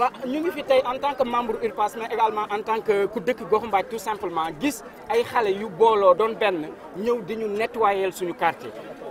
waa ñu ngi fi tey en tant que membre URPAS mais également en tant que ku dëkk gox Mbathie tout simplement gis ay xale yu booloo doon benn ñëw di ñu nettoyel suñu quartier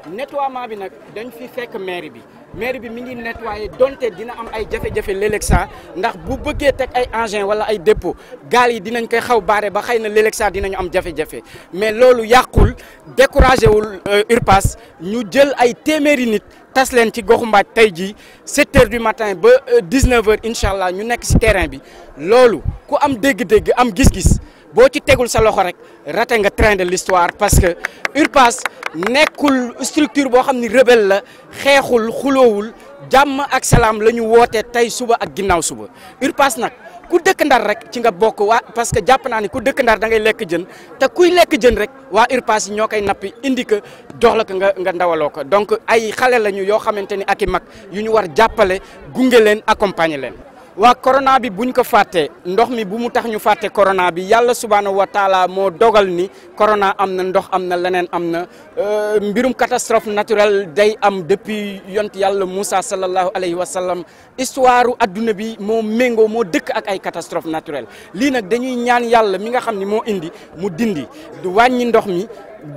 nettoiement bi nag dañ fi fekk mairie bi mairie bi mi ngi nettoyé donte dina am ay jafe-jafe l'Elexa ndax bu bëggee teg ay engins wala ay dépôt gaal yi dinañ koy xaw baare ba xëy na l'Elexa dinañu am jafe-jafe mais loolu yàqul découragé wul euh, URPAS ñu jël ay téeméeri nit tas leen ci goxu mbaaj tey jii 7 heures du matin ba 19 euh, heures incha allah ñu nekk ci terrain bi loolu ku am dégg-dégg am gis-gis boo ci tegul sa loxo rek rate nga train de l'histoire parce que URPAS nekkul structure boo xam ni rebelle la xeexul xuloowul jàmm ak salaam la ñu woote tey suba ak ginnaaw suba URPAS nag. ku dëkk ndar rek ci nga bokk waa parce que jàpp naa ni ku dëkk ndar da lekk jën te kuy lekk jën rek waa URPAS yi ñoo koy nappi indi ko jox la nga nga ndawaloo ko donc ay xale lañu yoo xamante ni ak i mag yu ñu war jàppale gunge leen accompagner leen. waa corona bi bu ñu ko fàttee ndox mi bu mu tax ñu fàtte corona bi yàlla subhaanahu wa moo dogal ni corona am na ndox am na leneen am na euh, mbirum catastrophe naturelle day am depuis yont yàlla Moussa sallallahu alayhi wa sallam histoire adduna bi moo méngoo moo dëkk ak ay catastrophe naturelle lii nag dañuy ñaan yàlla mi nga xam ni moo indi mu dindi du wàññi ndox mi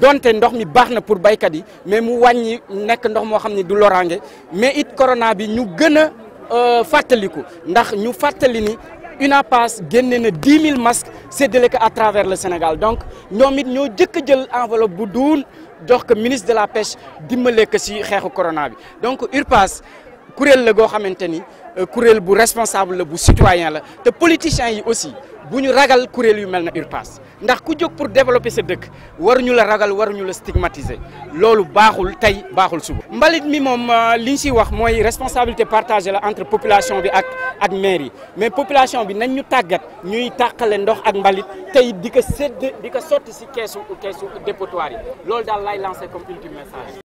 donte ndox mi baax na pour baykat yi mais mu wàññi nekk ndox moo xam ni du loraange mais it corona Euh, fàttaliku ndax ñu fàttali ni UNAPAS génne na 10 000 masques séddale ko à travers le Sénégal donc ñoom it ñoo jëkk a jël enveloppe bu duun jox ko ministre de la pêche dimbale ko si xeexu corona bi donc URPAS kuréel la goo xamante ni euh, kuréel bu responsable la bu citoyen la te politiciens yi aussi bu ñu ragal kuréel yu mel na URPAS ndax ku jog pour développer sa dëkk waruñu la ragal waruñu la stigmatiser loolu baaxul tey baaxul suba. mbalit mi moom euh, li ñu siy wax mooy responsabilité partagée la entre population bi ak ak maire yi mais population bi nañ ñu tàggat ñuy tàqale ndox ak mbalit tey di ko sédd di ko sotti si keesu keesu dépotoir yi loolu daal lay lancer comme ultime message.